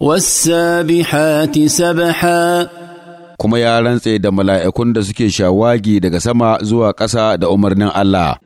wassabihati sabaha kuma ya rantse da mala'ikun da suke shawagi daga sama zuwa ƙasa da umarnin Allah.